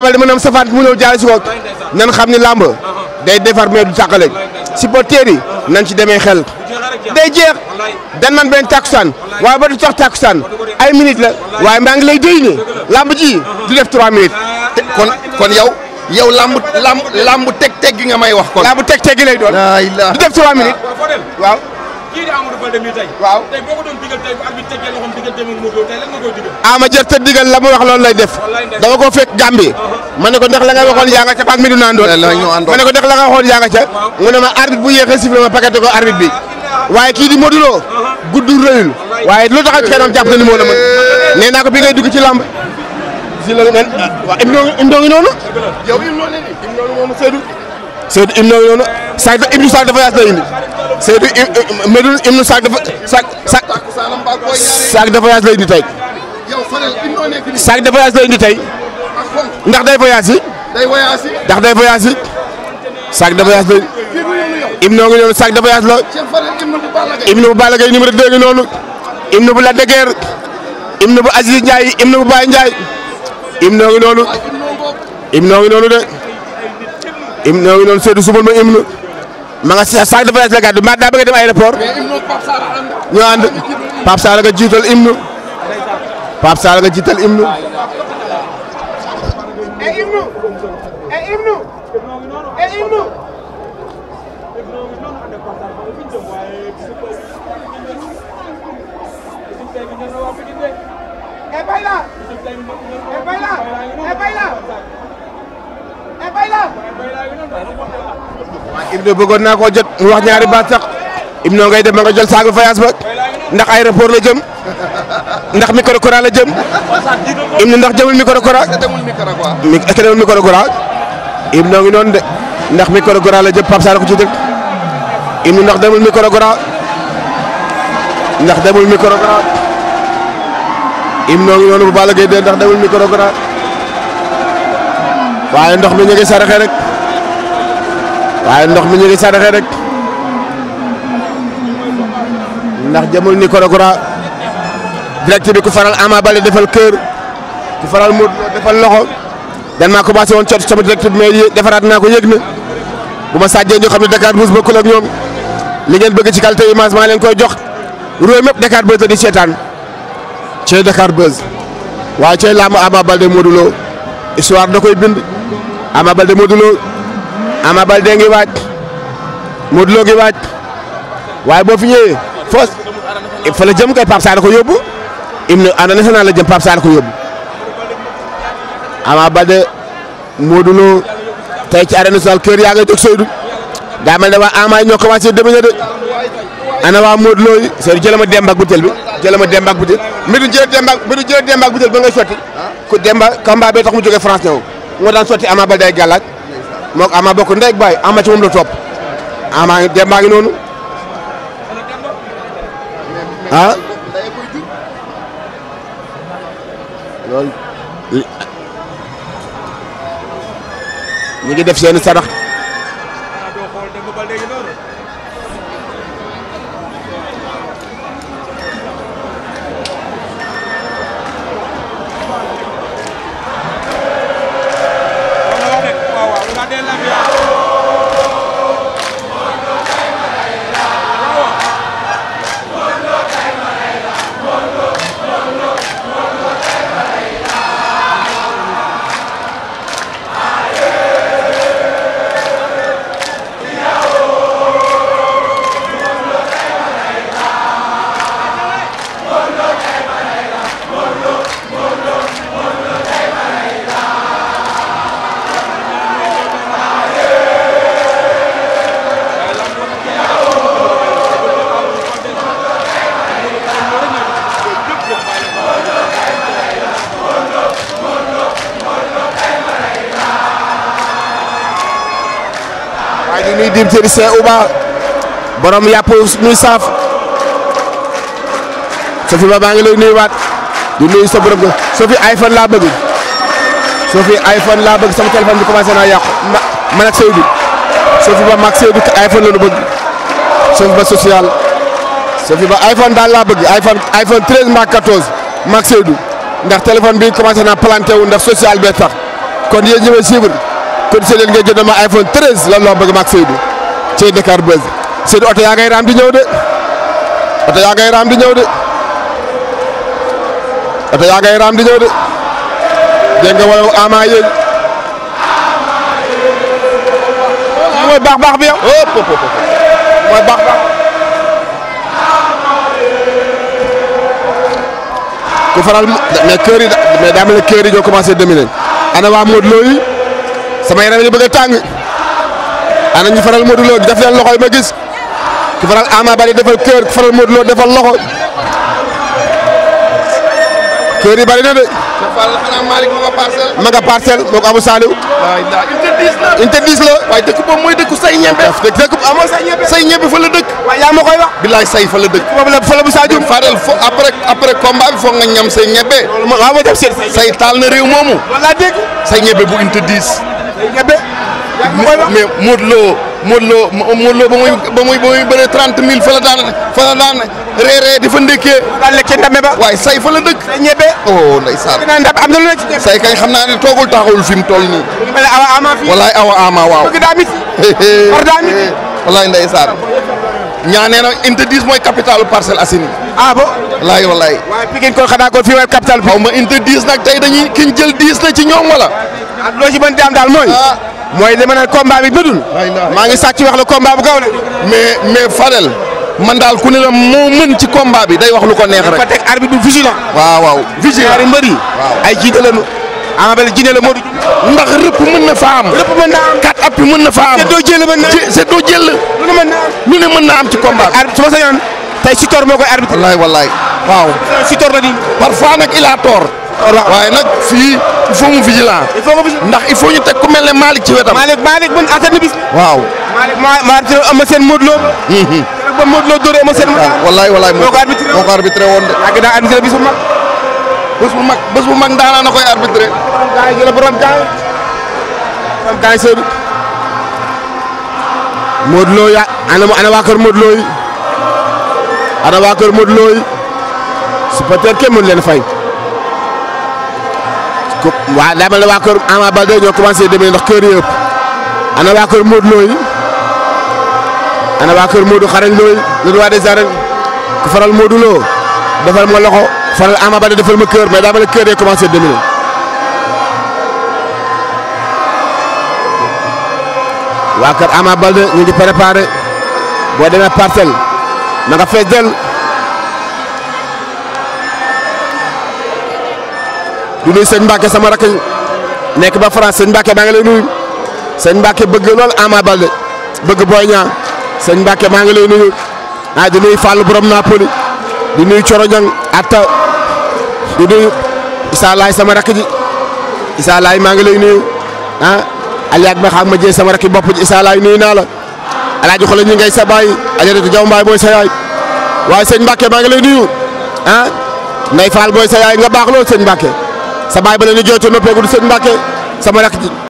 bal dama nam safaat mu ñëw jaale si ko nan xam ni làmb day defar mais du tàqale supporter yi nan ci demee xel day jeex dan nan benn takkusaan waaye ba du tax takkusaan ay minutes la waaye maa ngi lay déy ni làmb ji du def 3 minutes kon kon yow yow làmb làmb làmb teg teg gi nga may wax kon làmb teg teg gi lay doon du def 3 minutes kii di Amadou Baldé mi tey. waaw tey te digal la mu wax loolu lay def. dama ko fekk Gambie. ma ko ndax la nga waxoon yaa nga mi du naan doon. ma ne ko ndax la nga waxoon yaa nga ca. mu ne ma arbitre bu yéexee sifflé ma paqueté ko arbitre bi. waaye kii di Modou Lo. gudd rëyul. waaye lu taxaw ci kanam jàpp na la mën. nee naa ko bi ngay dugg ci lamb. si la nga waaw im noo ngi noonu. yow im noo ne ni Seydou Ibnu noonu sac Ibnu sac de voyage la indi Seydou Medoune Ibnu sac de sac sac tey ndax day voyage yi. day voyage yi ndax day voyage yi sac de voyage la Ibnu ngi noonu sac de voyage la Ibnu bu Balla Gaye numéro 2 ngi noonu bu Lac de Guiers Ibnu bu Aziz Ndiaye Ibnu noonu Ibnu noonu de. im na noonu Seydou Soumboul ma im na ma nga sa sac de la ma daa bëgg dem aéroport ñu ànd Pape Sarr nga jiital im na Pape Sarr nga jiital im na eh, e eh, eh, bayla e bayla e waaw Ibro bëggoon naa koo jot mu wax ñaari baat dem ma jël saagu fayaas ba ndax aéroport la jëm ndax micro Cora la jëm Ibro ndax jëmul micro Cora. est demul micro Cora. mi est-ce que de ndax micro Cora la jëm Pape ci dëkk Ibro ndax demul micro Cora ndax demul micro Cora de ndax demul micro waaye ndox mi ñu ngi saraxe rek waaye ndox mi ñu ngi saraxe rek ndax jëmul ni Korokora direct bi ku faral Ama Baldé defal kër ku faral Modou defal loxo dan maa commencé woon cot sama direct bi mais defaraat naa ko yëg na bu ma sàjjee ñu xam ne Dakar Buzz bokkul ak ñoom li ngeen bëgg ci qualité image maa leen koy jox réew mépp Dakar Buzz la seetaan cey Dakar Buzz waaye cey laamu Ama Baldé Modou histoire da koy bind Ama Baldé Modou Lo Ama Baldé waaj Modou Lo waaj waaye boo fi ñëwee la jëm kay Pape Sarr ko yóbbu hymne ana national la jëm Pape Sarr ko yóbbu Ama Baldé Modou Lo tey ci arène nationale kër yaa ngay jóg Seydou daa waa Ama ñoo commencé de. ana waa Modou Lo yi seen jëlama demba ak butéel bi jëlama demba ak butéel mbiru jële demba mbiru jële demba butéel ba ngay sotti ku demba combat bee tax mu jógee France ñëw moo daan sotti Ama Baldé gàllaaj moog Ama bokk ndey ak baay Ama ci moom la topp Ama demba ngi noonu ah loolu ñu ngi def seen sarax di nuyu dim sëriñ Seye Uba borom yàpp ñuy saaf Sofi ba maa ngi lay nuyuwaat di nuyu sa borom Sofi iPhone laa bëgg iPhone laa bëgg sama téléphone bi commencé naa yàqu ma man ak Seydou Sofi ba mag Seydou iPhone la ñu bëgg Sofi ba social Sofi ba iPhone daal laa bëgg iPhone iPhone 13 mbaa 14 mag ndax téléphone bi commencé naa planté wu ndax social bee tax kon yéen ñi kon bi yow. mooy ku faral mais kër da mais daa mel ne kër yi ñoo commencé dominer waa Modou Lo sama yaram ñu bëgg tàng ana ñu faral Modou Lo def leen loxo yi ma gis ku faral Ama Baldé defal kër ku faral Modou Lo defal loxo kër yi bari na de. ma nga parcelle moo ko amul Saliou. unité 10 la. waaye dëkk boobu mooy dëkku say ñebe. dëkk amoo say ñebe say ñebe fa la dëkk. waaye yaa ma koy wax. say fa la dëkk. boobu la fa la bu Sadio. Fadel fo après combat bi nga ñam say ñebe. loolu ma def say taal na réew moomu. wala dégg. say ñebe bu unité ñebe. mais Modou Lo Modou Lo Modou Lo ba muy ba muy ba muy bëree trente mille fa la daan fa la daan reeree di fa ndékkee. daal lekk ndame ba. waaye say fa la dëkk. say ñebe. oh say kañ xam naa ne toogul taxawul fi mu toll nii. awa ama fii walaay awa ama waaw. bëgg daa mit. xor daa mit. na interdit mooy capitale Parcelles Assainies. ah bon. walaay nag tey dañuy kiñ jël diis la ci ñoom wala. ak loo ci mën di am daal mooy. Ah. mooy li ma bi bëddul. maa ngi sàcc wax la combat bu kaw la. mais Fadel. man daal ku ne la moo mën ci combat bi day wax lu ko neex rek. dafa teg arbitre bi waaw waaw vigilant ñaari mbër ay jiite lañu. Ama Baldé jiite la Modou. ndax rëpp mën na fa am. rëpp mën na am mën na fa am. seddoo jël mën na am jël. lu ne mën na am na am ci combat bi. su ma sañoon tey si tor moo koy arbitre. wallaay waaw. si tor la di. parfois nag il a tort. waaye nag fii il faut mu ndax il faut ñu teg ku mel ne Malick ci wetam. Malick Malick man attan bis. waaw Malick maa maa ci am seen Modou Lo. Mhm. rek bis bu mag. bés bu mag bés bu koy arbitré. borom gaa yi jëla ana ana waa kër Modou Lo ana fay. waaw daa mel ne waa ñoo commencé demee ndax kër yëpp ana waa kër Modou Lo yi ana waa kër Modou xarañ Lo yi le roi ku faral Modou Lo defal ma loxo faral Ama Baldé defal ma kër mais daa mel ne kër yee commencé demee boo demee parcelle na nga fees del du nuyu sëñ sama rakk nekk ba France sëñ Mbacke maa ngi lay nuyu sëñ Mbacke bëgg lool Ama Baldé bëgg Boy Niang sëñ Mbacke maa ngi lay nuyu ah di nuyu Fall borom Napoli di nuyu Coro Niang Atta sama rakk ji Issa Laye maa ngi lay nuyu ah Aliak ma xam ma jëye sama rakk ji bopp ji Issa nuyu naa la El Hadj xoolal ngay sa baay Ajaratu Jaw Mbaay mooy sa waaye sëñ Mbacke maa ngi lay nuyu ah Ndey Fall booy sa yaay nga baax lool sëñ Mbacke. sa baay ba la ñu jooy ca noppeegu du sëñ Mbàkke sama rakk